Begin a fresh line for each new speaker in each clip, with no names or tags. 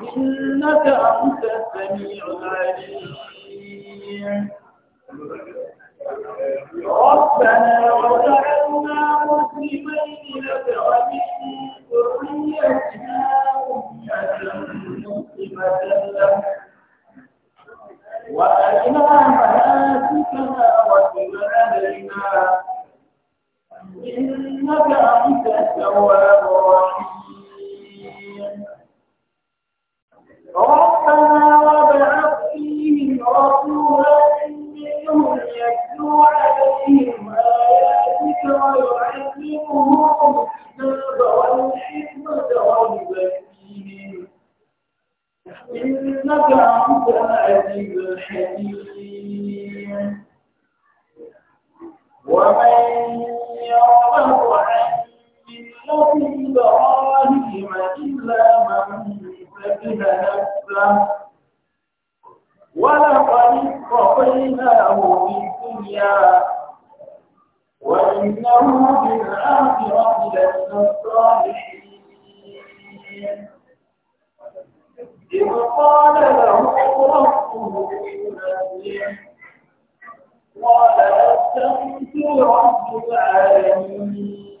إنك أنت السميع العليم ربنا وجعلنا مسلمين لك ومن ذريتنا أمة مسلمة لك وأرنا مناسكنا وتب علينا إنك أنت التواب الرحيم ربنا وابعث فيهم رسولا منهم يتلو عليهم آياتك ويعلمهم الكتاب والحكمة ويزكيهم إنك أنت العزيز الحكيم ومن يرغب عن ملة إبراهيم إلا من كده نفسه ولقد اصطفيناه في الدنيا وإنه في الآخرة لمن الصالحين إذ قال له ربه أسلم قال أسلمت رب العالمين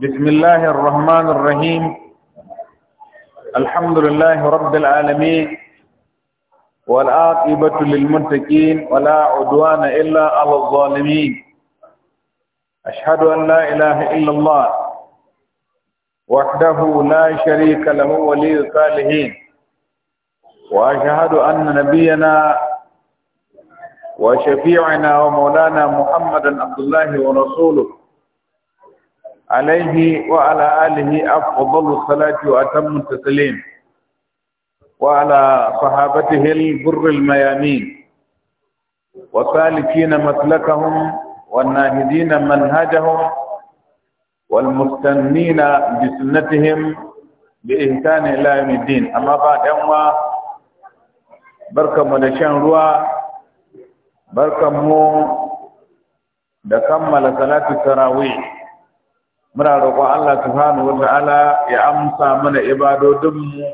بسم الله الرحمن الرحيم الحمد لله رب العالمين والعاقبة للمتقين ولا عدوان إلا على الظالمين أشهد أن لا إله إلا الله وحده لا شريك له ولي الصالحين وأشهد أن نبينا وشفيعنا ومولانا محمدا عبد الله ورسوله عليه وعلى آله أفضل الصلاة وأتم التسليم وعلى صحابته البر الميامين وسالكين مسلكهم والناهدين منهجهم والمستنين بسنتهم بإحسان إلى يوم الدين أما بعد يوم بركة مدشان روا بركة مو da kammala salatu tarawih muna roƙon Allah subhanahu wa ta'ala ya amsa mana ibadodinmu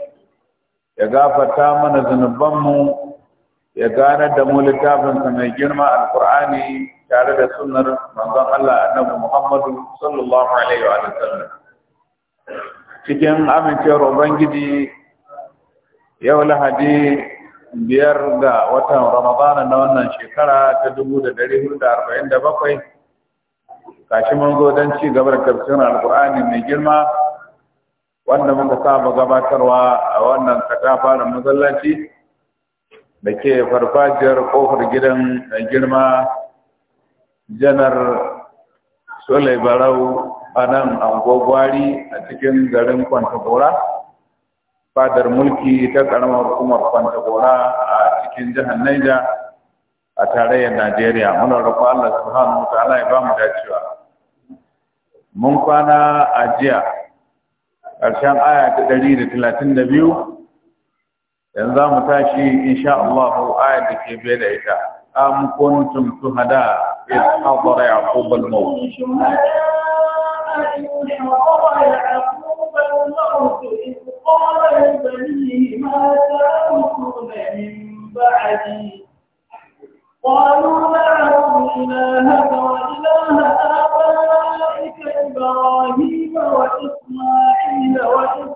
ya gafarta mana zunubanmu ya gane da mu littafin littafinsa mai girma alkur'ani tare da sunnar manzon Allah annabi Muhammadu sallallahu alaihi wa sallam cikin amincewar ubangiji yau lahadi biyar ga watan ramadana na wannan shekara ta dubu da dari hudu da arba'in da bakwai gashi mun zo don ci gaba da tafsirin alkur'ani mai girma wanda muka saba gabatarwa a wannan katafaren masallaci da ke farfajiyar kofar gidan mai girma janar sule barau a nan angogwari a cikin garin kwantagora fadar mulki ta karamar hukumar kwantagora a cikin jihar naija a tarayyar najeriya muna roƙo allah subhanahu wa ta'ala ya ba mu dacewa mun kwana a jiya ƙarshen aya ta ɗari da talatin da biyu yanzu za mu tashi insha Allah ko aya da ke biye da ita am kuntum tuhada iz hadara yaqub al maut
إذ قال لبنيه ما تعبدون من بعدي قالوا آبائك إبراهيم وإسماعيل واحدا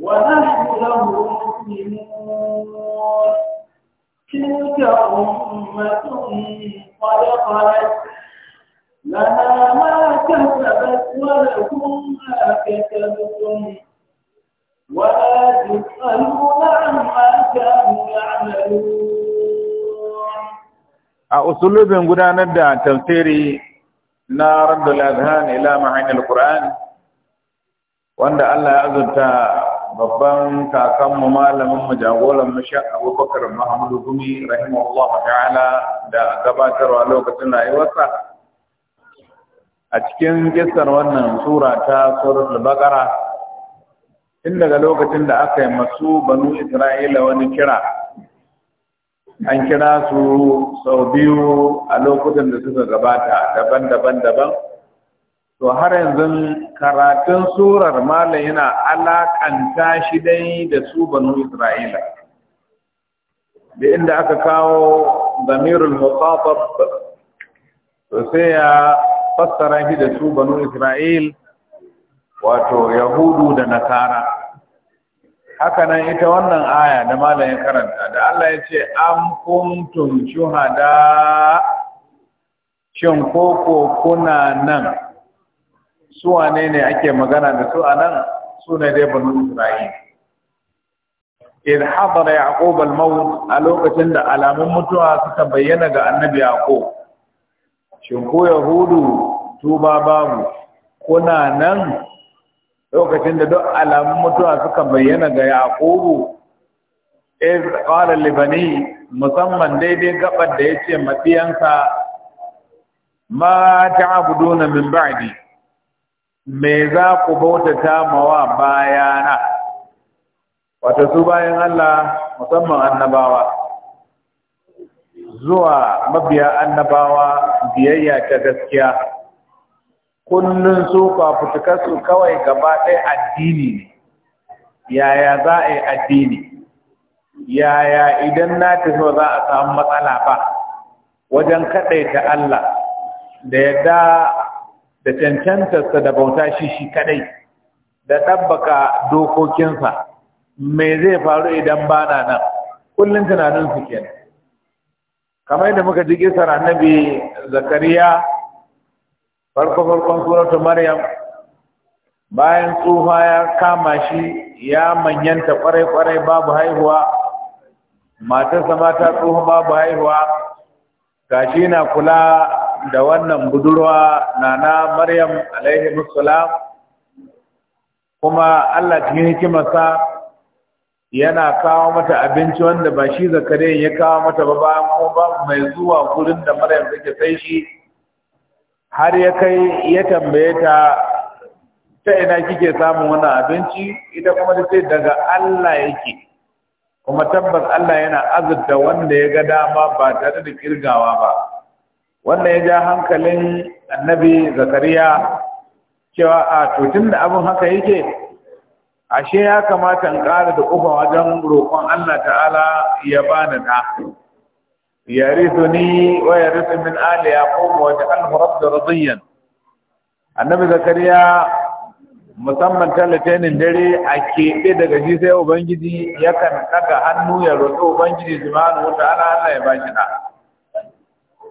ونحن له مسلمون تلك أمة قد لها ما كسبت ولكم ما كسبتم
a usulubin gudanar da tafsiri na raddul Lazhan ila ma'anil qur'an wanda Allah ya azurta babban kakanmu malamin mu jagoran mu Abubakar Muhammadu Gumi rahimahullahu ta'ala da gabatarwa lokacin rayuwarsa a cikin kissar wannan sura ta suratul baqara tun daga lokacin da aka yi masu banu isra'ila wani kira an kira su sau biyu a lokutan da suka gabata daban-daban daban to har yanzu karatun surar malam yana alakanta shi dai da su banu isra'ila da inda aka kawo zamirul mutatab to sai ya fassara shi da su banu isra'ila wato yahudu da nasara hakanan ita wannan aya da malamin karanta da Allah ya ce am kuntum shuhada shin koko kuna nan su wane ne ake magana da su a nan su ne dai banu Isra'il in hadara yaqub al-maut a lokacin da alamun mutuwa suka bayyana ga annabi yaqub shin ko yahudu tuba babu kuna nan lokacin da duk alamun mutuwa suka bayyana ga yaqubu iz qala li bani musamman daidai gabar da yace mabiyansa ma ta'buduna min ba'di me za ku bautata mawa bayana wato su bayan Allah musamman annabawa zuwa mabiya annabawa biyayya ta gaskiya kullun su fafutukarsu kawai gaba ɗaya addini ne yaya za a yi addini yaya idan na tafi za a samu matsala ba wajen kaɗaita Allah da yadda da cancantarsa da bauta shi shi kaɗai da ɗabbaka dokokinsa me zai faru idan ba na nan kullum su kenan kamar yadda muka ji kisar annabi zakariya farko farkon suratu maryam bayan tsufa ya kama shi ya manyanta kwarai kwarai babu haihuwa matarsa ma ta tsufa babu haihuwa gashi na kula da wannan budurwa nana maryam alaihi musallam kuma Allah cikin hikimarsa yana kawo mata abinci wanda ba shi zakariya ya kawo mata ba ba mai zuwa gurin da maryam take sai shi har ya kai ya tambaye ta ta ina kike samun wannan abinci ita kuma ta ce daga Allah yake kuma tabbas Allah yana azurta wanda ya ga dama ba tare da kirgawa ba wanda ya ja hankalin annabi zakariya cewa a tutun da abin haka yake ashe ya kamata in ƙara da ƙofa wajen roƙon Allah ta'ala ya bani da يرثني ويرث من آل يعقوب واجعله رب رضيا annabi zakariya musamman talatainin dare a keɓe daga shi sai ubangiji yakan ɗaga hannu ya roƙi ubangiji subhanahu wa ta'ala Allah ya bashi da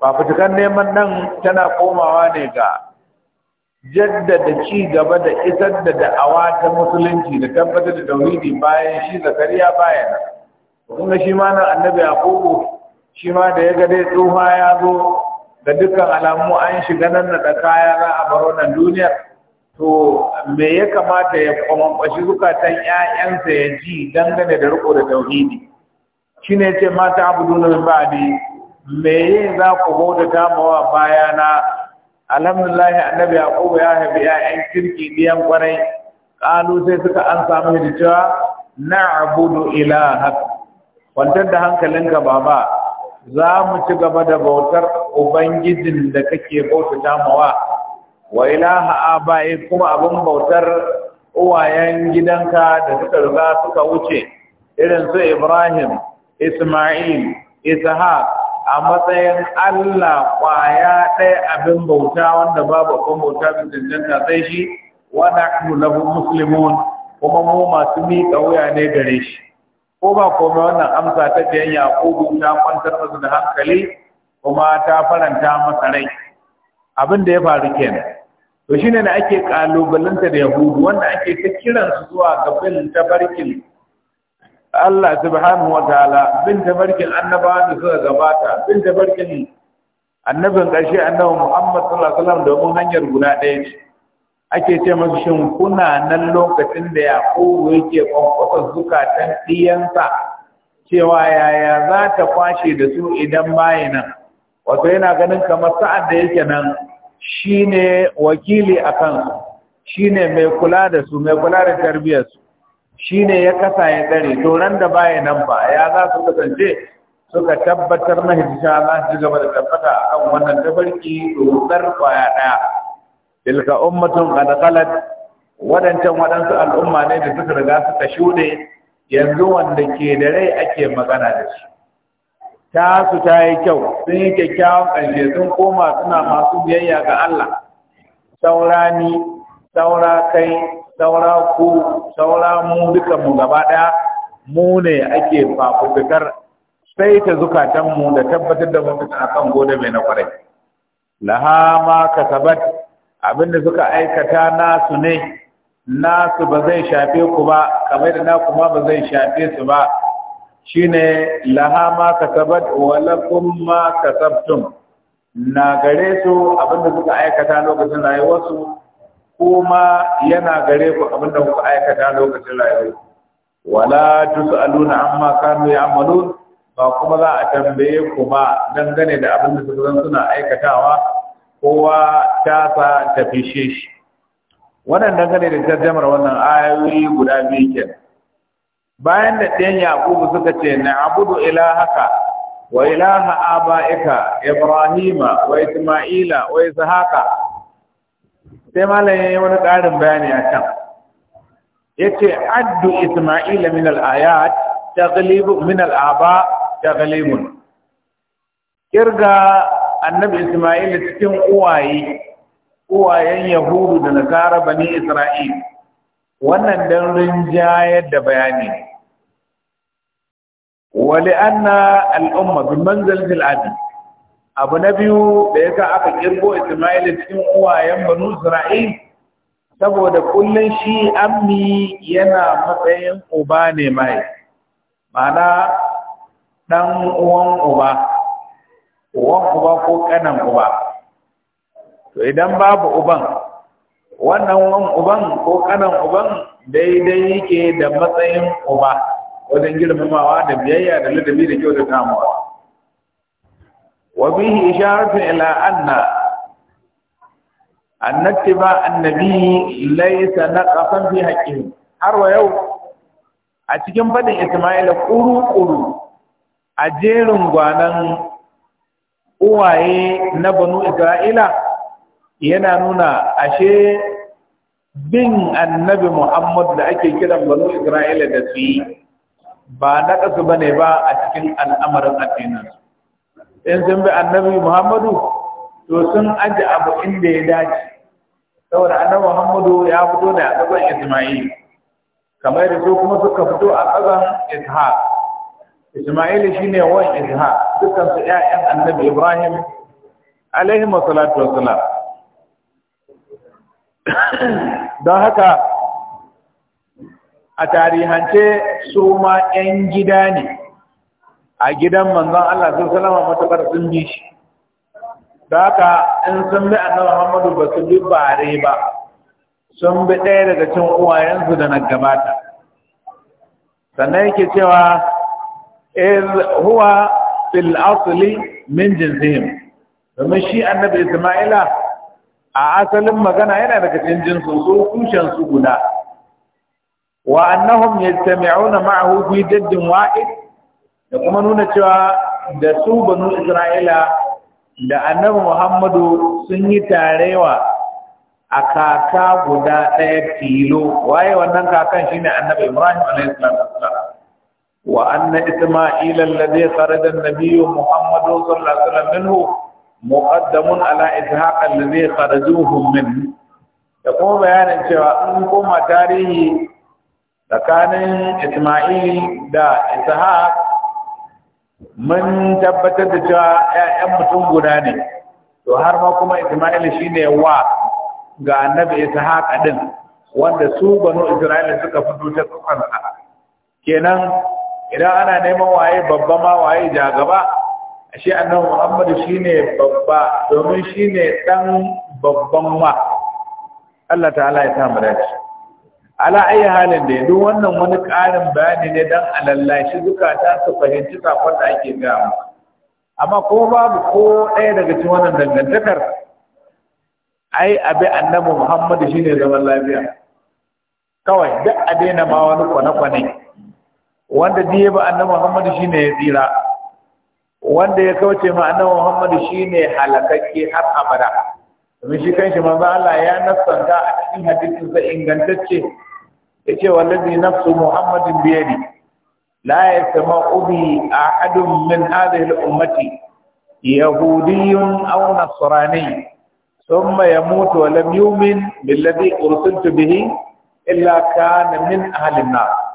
fafutukan neman nan tana komawa ne ga jaddada ci gaba da isar da da'awa ta musulunci da tabbatar da tauhidi bayan shi zakariya bayan kun ga shi ma nan annabi yaqubu shi ma da ya gade dai ya zo da dukkan alamu an shiga nan da kaya za a baro nan duniyar to me ya kamata ya kwamfashi zukatan ‘ya'yansa ya ji dangane da riko da tauhidi shi ne ce mata abu min ba'di me yi za ku bauta tamawa bayana alhamdulillah annabi yaqub ya haifi ‘ya'yan kirki biyan kwarai ƙalu sai suka an samu da cewa na'budu ilahak kwantar da hankalinka baba za mu ci gaba da bautar ubangijin da kake bautata mawa wa ilaha abai kuma abin bautar uwayen gidanka da suka riga suka wuce irin su Ibrahim Isma'il isahak a matsayin Allah kwaya ɗaya abin bauta wanda babu abin bauta bin danganta sai shi wa na lahu muslimun kuma mu masu miƙa wuya ne gare shi ko ba komai wannan amsa ta ɗayan yaƙubu ta kwantar masa da hankali kuma ta faranta masa rai abin da ya faru kenan to shi ne da ake kalubalanta da yahudu wanda ake ta kiransu zuwa ga bin tabarkin Allah subhanahu wa ta'ala bin tabarkin annabawan da suka gabata bin tabarkin annabin ƙarshe annabi Muhammad sallallahu alaihi wasallam domin hanyar guda ɗaya ce ake ce masu shin kuna nan lokacin da ya yaƙubu yake kwankwasa zukatan ɗiyansa cewa yaya za ta kwashe da su idan bayi nan wato yana ganin kamar sa'ad da yake nan shi ne wakili a kansu shi ne mai kula da su mai kula da tarbiyyarsu shi ne ya kasa ya tsare to ran da bayi nan ba ya za su kasance suka tabbatar mahaifi za su gaba da tabbata kan wannan tabarki domin kwaya ɗaya tilka ummatun qad qalat wadancan wadansu al'umma ne da suka riga suka shude yanzu wanda ke da rai ake magana da shi ta su ta yi kyau sun yi kyakkyawan ƙarshe sun koma suna masu biyayya ga Allah saura ni saura kai saura ku saura mu dukan gaba ɗaya mu ne ake fafutukar sai ta zukatanmu da tabbatar da mu a kan gode mai na kwarai laha ma kasabat abinda suka aikata nasu ne nasu ba zai shafe ku ba kamar da naku ma ba zai shafe su ba shine laha ma kasabat wa lakum ma kasabtum na gare su abinda suka aikata lokacin rayuwarsu kuma yana gare ku abinda kuka aikata lokacin rayuwarsu wala tusaluna amma kanu ya'malun ba kuma za a tambaye ku ba dangane da abinda suka zan suna aikatawa kowa sa ta fishe shi wannan dangane da tarjamar wannan ayoyi guda biyu ke bayan da ɗan yaƙubu suka ce na abudu ilahaka wa ilaha aba'ika ibrahima wa isma'ila wa ishaqa sai malam wani ƙarin bayani a can yace addu isma'ila min al-ayat taqlibu min al-aba taqlibun kirga annabi Ismail cikin uwaye uwayen Yahudu da Nasara bani Isra'il wannan dan rinjayar da bayani wali anna al'umma bi manzalatil abi abu na biyu da yasa aka kirgo Ismail cikin uwayen bani Isra'il saboda kullun shi ammi yana matsayin uba ne mai mana dan uwan uba uwan uba ko kanan uba to idan babu uban wannan wan uban ko kanan uban daidai yake da matsayin uba wajen girmamawa da biyayya da ladabi da kyau da tamuwa wa bihi isharatu ila anna أن اتباع النبي ليس نقصا في حقه har wa yau a cikin fadin Isma'ila kuru-kuru a jerin gwanan uwaye na banu isra'ila yana nuna ashe bin annabi muhammad da ake kiran banu isra'ila da su ba na ƙasa ba ba a cikin al'amarin addinin in sun bi annabi muhammadu to sun aji abu inda ya dace saboda annabi muhammadu ya fito ne a ƙasar isma'il kamar da su kuma suka fito a ƙasar ishaq Isma'il shine wan Ishaq dukkan su ƴaƴan Annabi Ibrahim alaihi salatu don haka a tarihance su ma ƴan gida ne a gidan manzon Allah sallallahu salama matuƙar matakar sun bi shi don haka in sun bi Annabi Muhammadu ba su bi bare ba sun bi ɗaya daga cin uwayensu da na gabata sannan yake cewa iz huwa fil asli min domin shi annabi Isma'ila a asalin magana yana da cikin jinsu su tushen su guda wa annahum yajtami'una ma'ahu fi jaddin wa'id da kuma nuna cewa da su banu Isra'ila da annabi Muhammadu sun yi tarewa a kaka guda ɗaya tilo waye wannan kakan shine annabi Ibrahim alaihi salatu وأن إسماعيل الذي خرج النبي محمد صلى الله عليه وسلم منه مقدم على إسحاق الذي خرجوه منه يقوم بيان cewa in koma tarihi tsakanin Ismail da Ishaq mun tabbatar da cewa ‘ya'yan mutum guda ne, to har ma kuma Ismail shine wa ga annabi Ishaq ɗin wanda su banu Isra'ila suka fito ta tsokansa. Kenan idan ana neman waye babba ma waye ja gaba. ashe annabi Muhammadu shine babba domin shine dan babban ma Allah ta'ala ya samu dace ala ayi halin da duk wannan wani ƙarin bayani ne dan alallashi zukata su fahimci kafin da ake ga amma ko babu ko ɗaya daga cikin wannan dangantakar ai abi annabi Muhammadu shine zaman lafiya kawai duk a daina ma wani kwane-kwane wanda diye ba annabi Muhammad shine ya tsira wanda ya kauce ma annabi Muhammad shine halakakke har abada domin shi kanshi manzo Allah ya nasanta a cikin hadisin sa ingantacce yace wallazi nafsu Muhammadin bi yadi la yasma'u bi ahadun min hadhihi al-ummati yahudiyyun aw nasrani ثم يموت ولم يؤمن بالذي أرسلت به إلا كان من أهل النار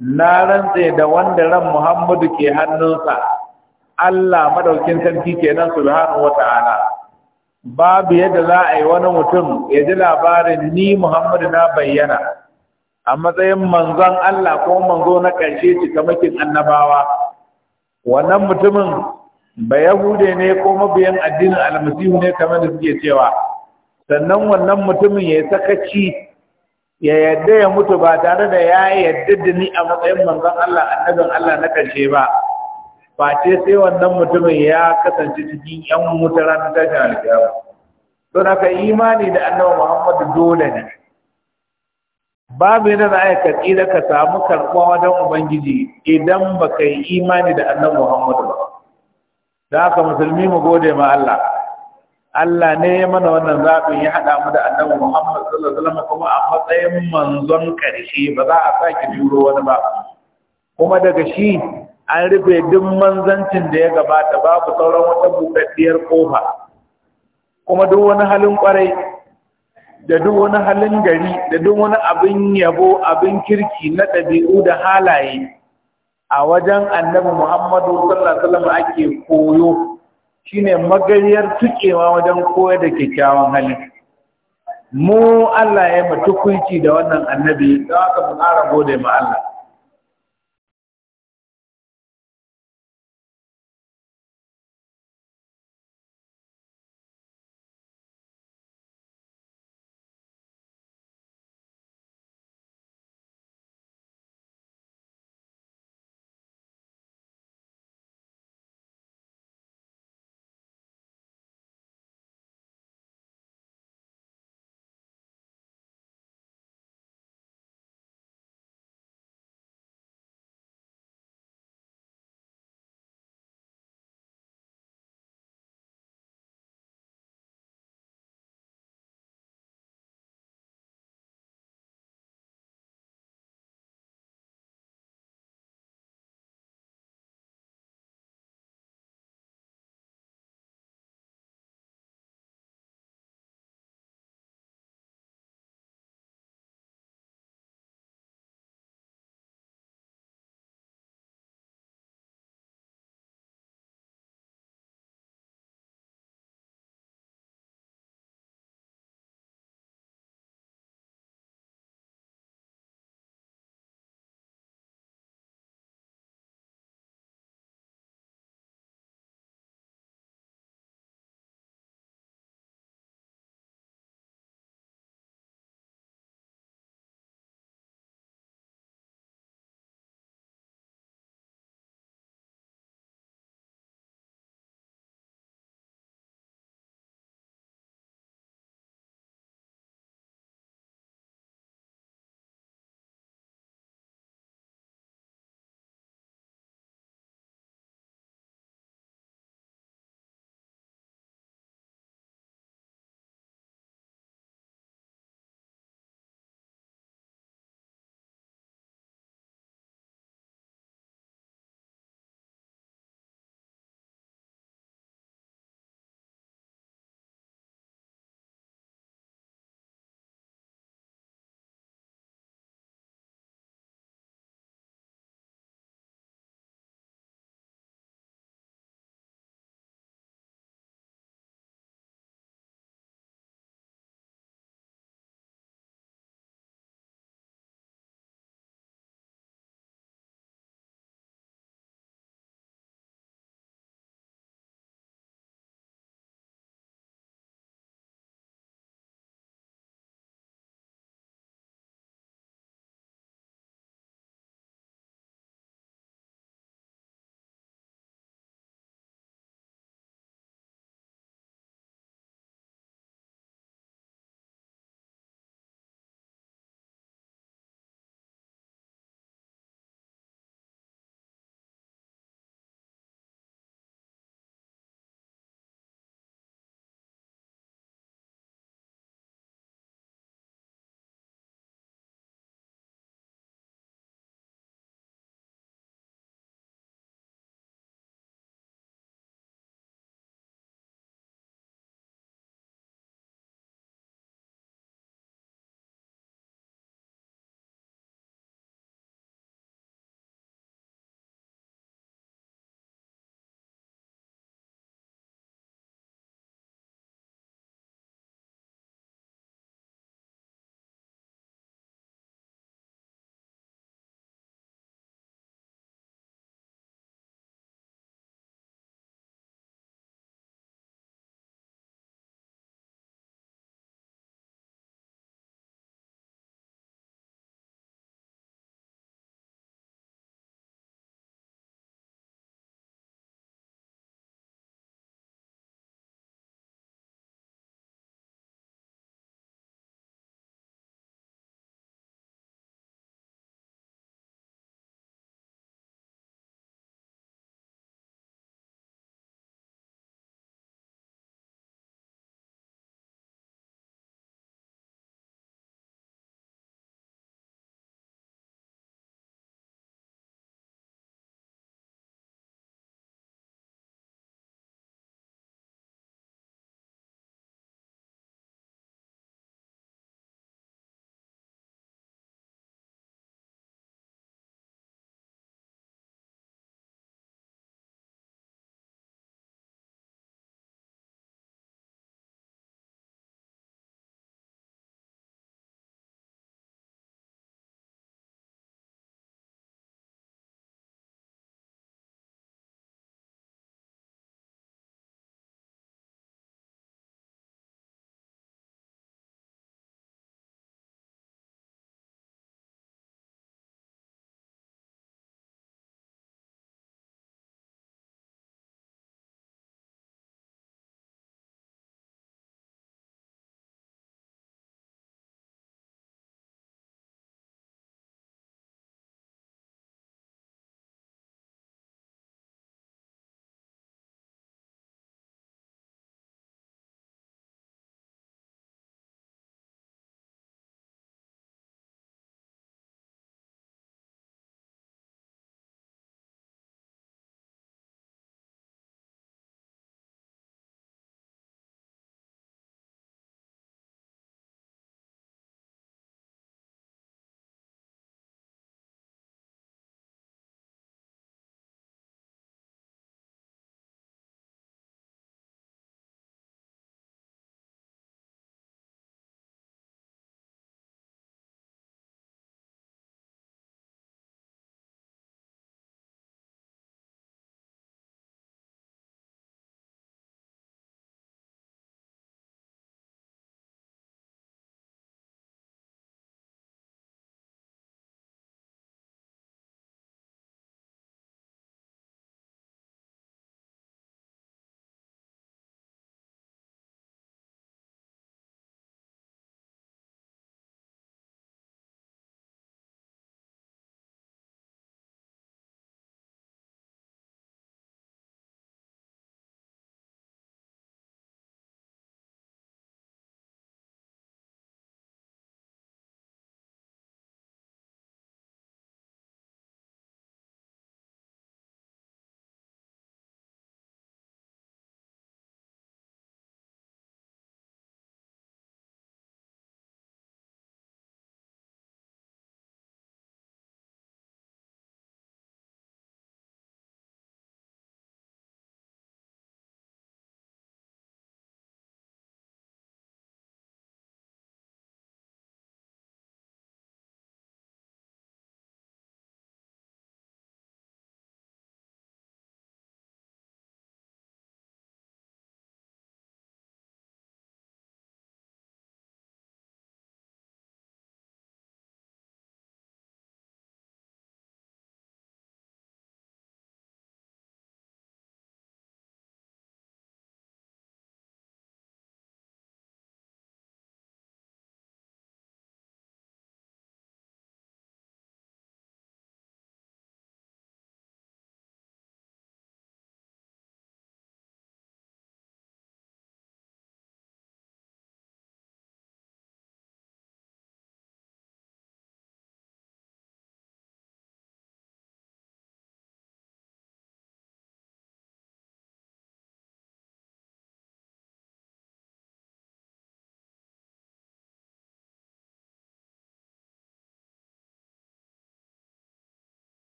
na rantse da wanda ran Muhammadu ke hannunsa Allah madaukin sarki kenan subhanahu wata'ala babu yadda za a yi wani mutum ya ji labarin ni Muhammadu na bayyana a matsayin manzon Allah ko manzo na ƙarshe cikamakin annabawa wannan mutumin ba yahude ne ko mabiyan addinin almasihu ne kamar da suke cewa sannan wannan mutumin ya yi sakaci ya yadda ya mutu ba tare da ya yadda da ni a matsayin manzon Allah annabin Allah na karshe ba ce sai wannan mutumin ya kasance cikin yan wuta ranar tashin alkiyama to haka imani da annabi Muhammad dole ne babu yana za a katsi ka samu karɓuwa wajen ubangiji idan ba ka yi imani da annabi Muhammad ba da haka musulmi mu gode ma Allah Allah ne ya mana wannan zaɓin ya haɗa mu da annabi Muhammad sallallahu alaihi kuma a matsayin manzon ƙarshe ba za a sake juro wani ba kuma daga shi an rufe duk manzancin da ya gabata babu sauran wata buɗaɗɗiyar ƙofa kuma duk wani halin ƙwarai da duk wani halin gari da duk wani abin yabo abin kirki na ɗabi'u da halaye a wajen annabi Muhammadu sallallahu alaihi wasallam ake koyo shine magariyar tukewa wajen koyar da kyakkyawan hali mu Allah ya yi matukunci da wannan annabi don
haka mu ƙara gode ma Allah